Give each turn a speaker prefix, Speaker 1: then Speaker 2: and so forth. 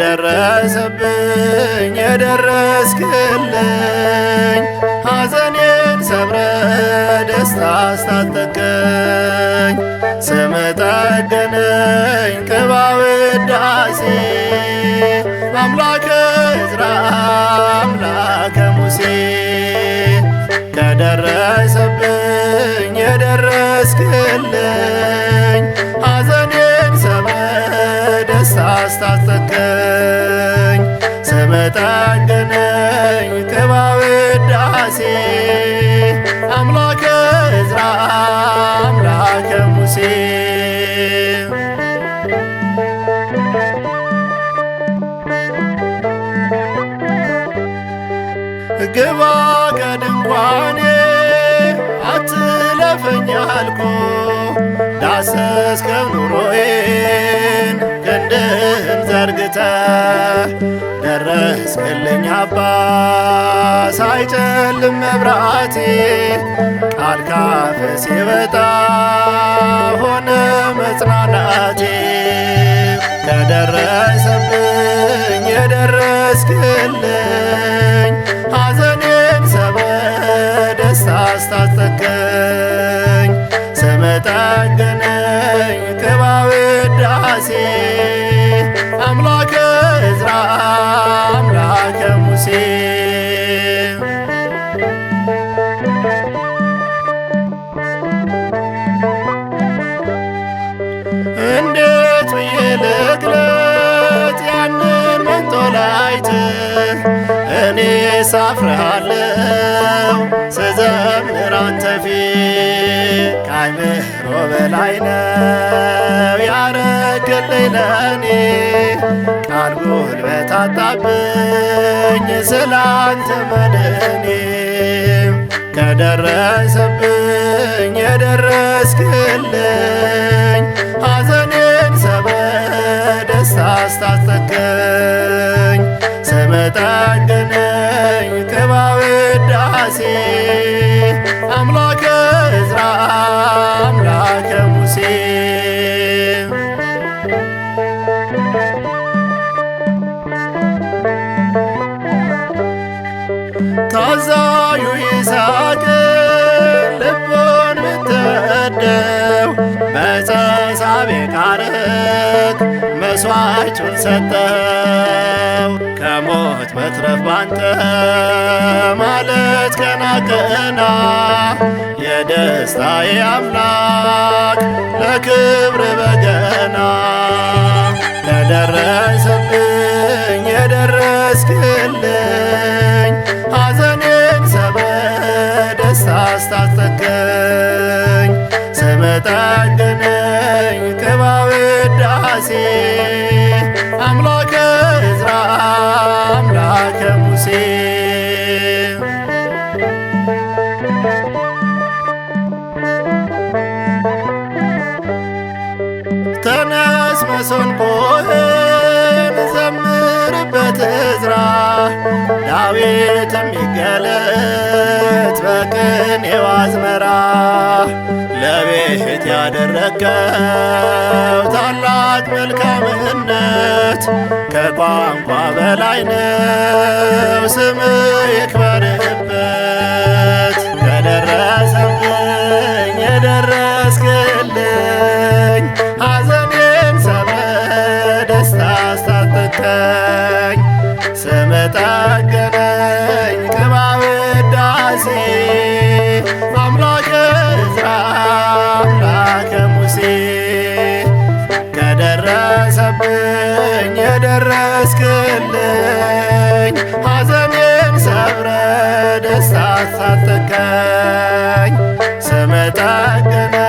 Speaker 1: ለደረሰብኝ የደረስክልኝ ሐዘኔን ሰብረ ደስታ አስታጠቀኝ ስምጠገነኝ ቅባብ ዳሴ አምላከ ዕዝራ አምላከ ሙሴ ከደረሰብኝ የደረስክልኝ ሐዘኔን ሰብረ ደስታ አስታጠቀኝ መጠገነኝ ቅባ ውዳሴ አምላከ እዝራ አምላከ ሙሴ ግባ ከድንኳኔ አትለፈኝ አልኮ ዳሰስከው ስልኝ አባ ሳይጨልም መብራቴ ቃል ካፍ ሲወጣ ሆነ መጽናናቴ ከደረሰብኝ የደረስክልን አፍርሃለው ስዘምር አንተ ፊት ከአይምሮ በላይ ነው ያረክልኝ ለኔ ቃል ጉልበት አጣብኝ ስላንተ መድኔ ከደረሰብኝ የደረስክልኝ ሐዘኔን ሰበ ደስታ አስታጠቅኝ ስመጠግን ሥላሴ አምላከ ዕዝራ አምላከ ሙሴ መስዋዕቱን ሰጠው ከሞት መትረፍ ባንተ ማለት ቀና ቀና የደስታዬ አምላክ ለክብር በገና ለደረሰብኝ የደረስክልኝ ሐዘኔን ሰበ ደስታ አስታጠቅኝ ስምህ ሥላሴ አምላከ ዕዝራ አምላከ ሙሴ ተነስ መሰንቆህን ዘምርበት ዕዝራ ዳዊትም ይገለጥ በቅኔው አዝመራ ለቤት ያደረከው ታላቅ መልካምህነት ከቋንቋ በላይ ነው ስምህ ደረስክልኝ ሐዘኔን ሰብረ ደስታ ሳትተካኝ ስምህ